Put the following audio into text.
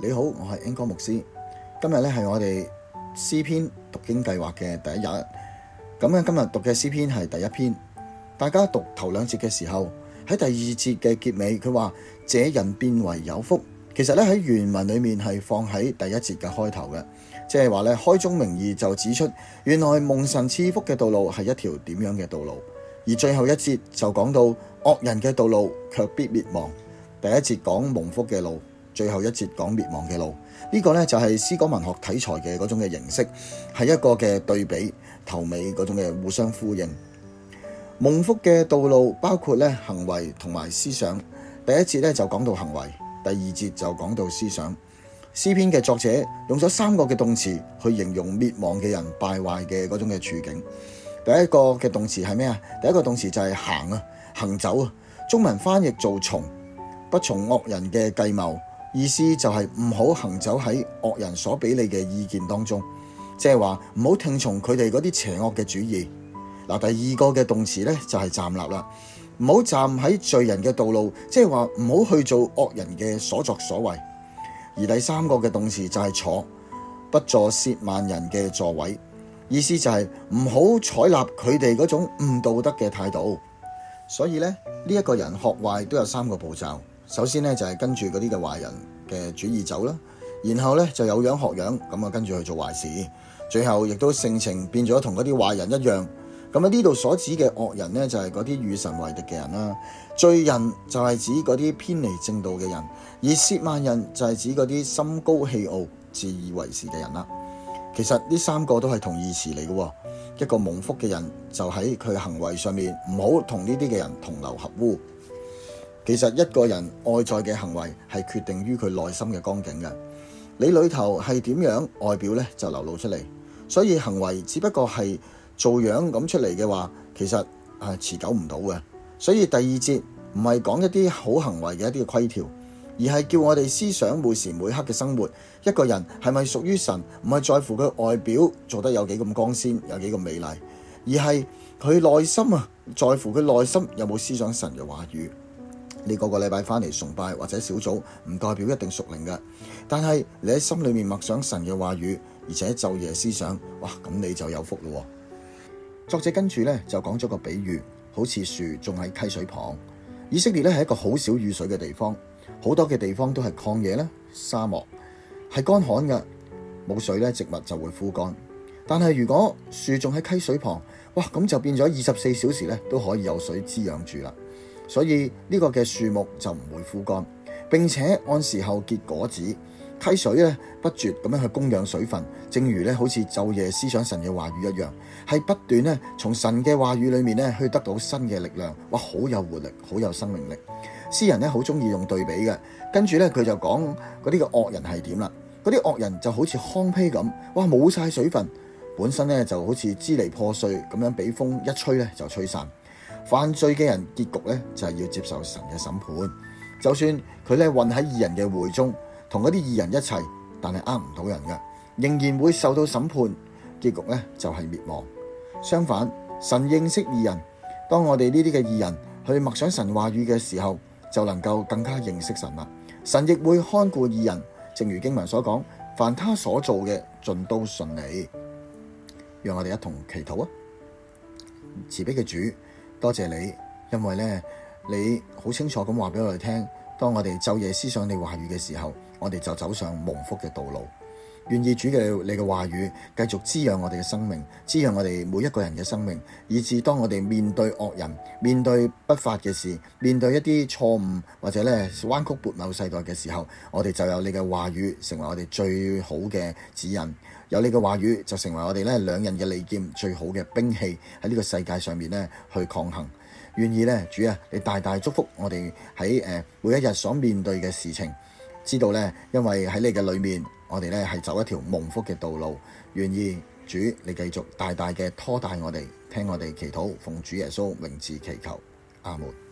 你好，我係英哥牧師。今日咧係我哋詩篇讀經計劃嘅第一日。咁樣今日讀嘅詩篇係第一篇。大家讀頭兩節嘅時候，喺第二節嘅結尾，佢話這人便為有福。其實咧喺原文裏面係放喺第一節嘅開頭嘅，即係話咧開宗明義就指出，原來蒙神賜福嘅道路係一條點樣嘅道路。而最後一節就講到惡人嘅道路卻必滅亡。第一節講蒙福嘅路。最後一節講滅亡嘅路，呢、呢個呢就係詩歌文學題材嘅嗰種嘅形式，係一個嘅對比頭尾嗰種嘅互相呼應。蒙福嘅道路包括呢行為同埋思想。第一節呢就講到行為，第二節就講到思想。詩篇嘅作者用咗三個嘅動詞去形容滅亡嘅人敗壞嘅嗰種嘅處境。第一個嘅動詞係咩啊？第一個動詞就係行啊，行走啊。中文翻譯做從，不從惡人嘅計謀。意思就係唔好行走喺惡人所俾你嘅意見當中，即係話唔好聽從佢哋嗰啲邪惡嘅主意。嗱，第二個嘅動詞呢，就係站立啦，唔好站喺罪人嘅道路，即係話唔好去做惡人嘅所作所為。而第三個嘅動詞就係坐，不坐褻慢人嘅座位。意思就係唔好採納佢哋嗰種唔道德嘅態度。所以呢，呢、這、一個人學壞都有三個步驟。首先咧就係跟住嗰啲嘅壞人嘅主意走啦，然後咧就有樣學樣咁啊跟住去做壞事，最後亦都性情變咗同嗰啲壞人一樣。咁啊呢度所指嘅惡人咧就係嗰啲與神為敵嘅人啦，罪人就係指嗰啲偏離正道嘅人，而傲慢人就係指嗰啲心高氣傲、自以為是嘅人啦。其實呢三個都係同義詞嚟嘅，一個蒙福嘅人就喺佢行為上面唔好同呢啲嘅人同流合污。其實一個人外在嘅行為係決定於佢內心嘅光景嘅。你裏頭係點樣，外表咧就流露出嚟。所以行為只不過係做樣咁出嚟嘅話，其實啊持久唔到嘅。所以第二節唔係講一啲好行為嘅一啲規條，而係叫我哋思想每時每刻嘅生活。一個人係咪屬於神，唔係在乎佢外表做得有幾咁光鮮，有幾咁美麗，而係佢內心啊，在乎佢內心有冇思想神嘅話語。你個個禮拜翻嚟崇拜或者小組，唔代表一定屬靈嘅。但係你喺心裏面默想神嘅話語，而且晝夜思想，哇，咁你就有福啦。作者跟住咧就講咗個比喻，好似樹種喺溪水旁。以色列咧係一個好少雨水嘅地方，好多嘅地方都係曠野啦，沙漠係乾旱嘅，冇水咧植物就會枯乾。但係如果樹種喺溪水旁，哇，咁就變咗二十四小時咧都可以有水滋養住啦。所以呢、這個嘅樹木就唔會枯乾，並且按時候結果子，溪水咧不絕咁樣去供養水分。正如咧好似晝夜思想神嘅話語一樣，係不斷咧從神嘅話語裡面咧去得到新嘅力量。哇，好有活力，好有生命力。詩人咧好中意用對比嘅，跟住咧佢就講嗰啲嘅惡人係點啦。嗰啲惡人就好似糠秕咁，哇，冇晒水分，本身咧就好似支離破碎咁樣，俾風一吹咧就吹散。犯罪嘅人結局咧就係要接受神嘅審判，就算佢咧混喺義人嘅會中，同嗰啲義人一齊，但係呃唔到人嘅，仍然會受到審判，結局咧就係滅亡。相反，神認識義人，當我哋呢啲嘅義人去默想神話語嘅時候，就能夠更加認識神啦。神亦會看顧義人，正如經文所講，凡他所做嘅盡都順利。讓我哋一同祈禱啊！慈悲嘅主。多謝你，因為咧，你好清楚咁話俾我哋聽，當我哋晝夜思想你話語嘅時候，我哋就走上蒙福嘅道路。願意主嘅你嘅話語繼續滋養我哋嘅生命，滋養我哋每一個人嘅生命，以致當我哋面對惡人、面對不法嘅事、面對一啲錯誤或者咧彎曲悖謬世代嘅時候，我哋就有你嘅話語成為我哋最好嘅指引。有你嘅話語就成為我哋咧兩刃嘅利劍最好嘅兵器，喺呢個世界上面咧去抗衡。願意咧主啊，你大大祝福我哋喺誒每一日所面對嘅事情，知道咧，因為喺你嘅裏面。我哋咧係走一條蒙福嘅道路，願意主你繼續大大嘅拖帶我哋，聽我哋祈禱，奉主耶穌名字祈求，阿門。